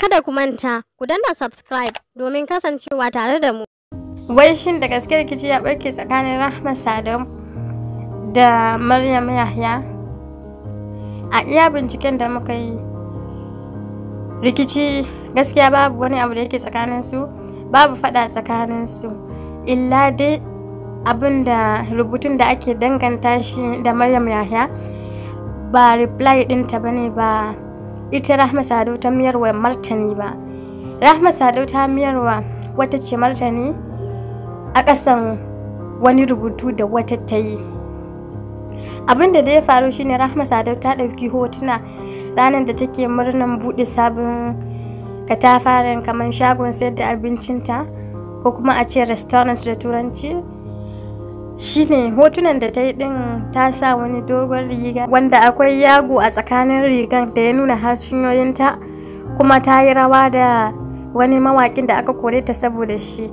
Kada ku manta, ku danna subscribe domin kasancewa tare da mu. Wai shin da gaske rikici ya barke tsakanin Rahma Sadam da Maryam Yahya? A iya binciken da muka yi, rikici gaskiya babu wani abu da yake tsakanin su, babu fada tsakanin su. Illa dai abin da rubutun da ake danganta shi da Maryam Yahya ba reply ɗinta bane ba. ita rahma sadau ta miyarwa martani ba rahma sadau ta miyarwa wata ce martani a ƙasan wani rubutu da wata ta yi abinda da ya faru shine rahma sadau ta ɗauki hotuna ranar da take murnan buɗe sabon katafaren kamar shagon sayar da abincinta ko kuma a ce restaurant da turanci shine hotunan da ta yi din ta sa wani dogon riga wanda akwai yago a tsakanin rigan da ya nuna harshenyoyinta kuma ta yi rawa da wani mawakin da aka kore ta saboda shi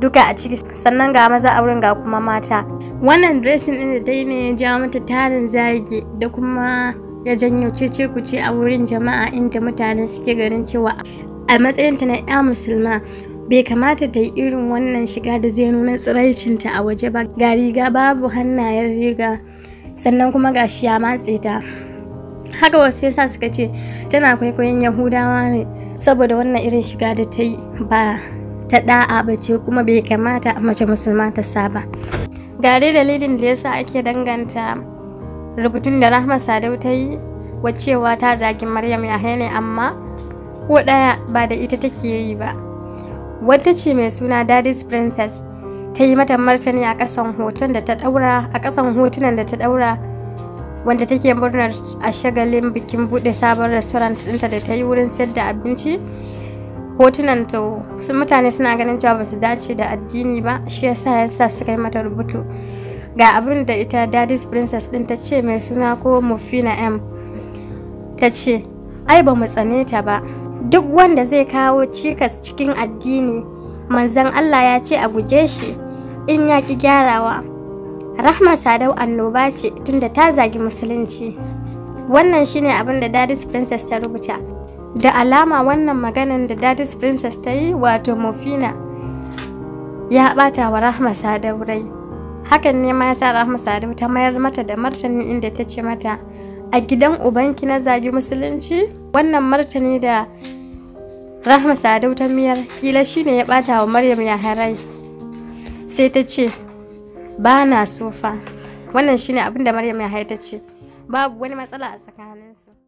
duka a ciki sannan ga maza a wurin ga kuma mata wannan dressing din da ta yi ne ya ja mata tarin zagi da kuma ya janyo cece kuce a wurin jama'a inda mutane suke ganin cewa a matsayinta na 'ya musulma bai kamata ta yi irin wannan shiga da zai nuna tsiraicinta a waje ba ga riga babu hannayen riga sannan kuma ga shi ya matse ta haka wasu yasa suka ce tana kwaikwayon yahudawa ne saboda wannan irin shiga da ta yi ba ta da'a ba ce kuma bai kamata a mace musulma ta saba ga dalilin da yasa ake danganta rubutun da rahma sadau ta yi wacewa ta zagin maryam yahaya ne amma ko ɗaya ba da ita take yi ba wadda ce mai suna daddy's princess ta yi mata martani a kasan hoton da ta daura a kasan hotunan da ta daura wanda take murnar a shagalin bikin bude sabon restaurant ɗinta da ta yi wurin sayar da abinci hotunan to su mutane suna ganin cewa ba su dace da addini ba shi yasa yasa suka yi mata rubutu ga abin da ita daddy's princess din ta ce mai suna ko mufina m ta ce ai ba mu tsane ta ba duk wanda zai kawo cikas cikin addini manzan Allah ya ce a guje shi in ya ki gyarawa rahma sadau annoba ce tunda ta zagi musulunci wannan shine abin da dadis princess ta rubuta da alama wannan maganan da dadis princess ta yi wato mofina ya bata wa rahma sadau rai hakan ne ma yasa rahma sadau ta mayar mata da martani inda ta ce mata a gidan ubanki na zagi musulunci wannan martani da rahma sadau ta miyar kila ne ya ɓata wa maryam yaharai sai ta ce ba na sofa. wannan wannan shine abin da maryam ya ta ce babu wani matsala a tsakaninsu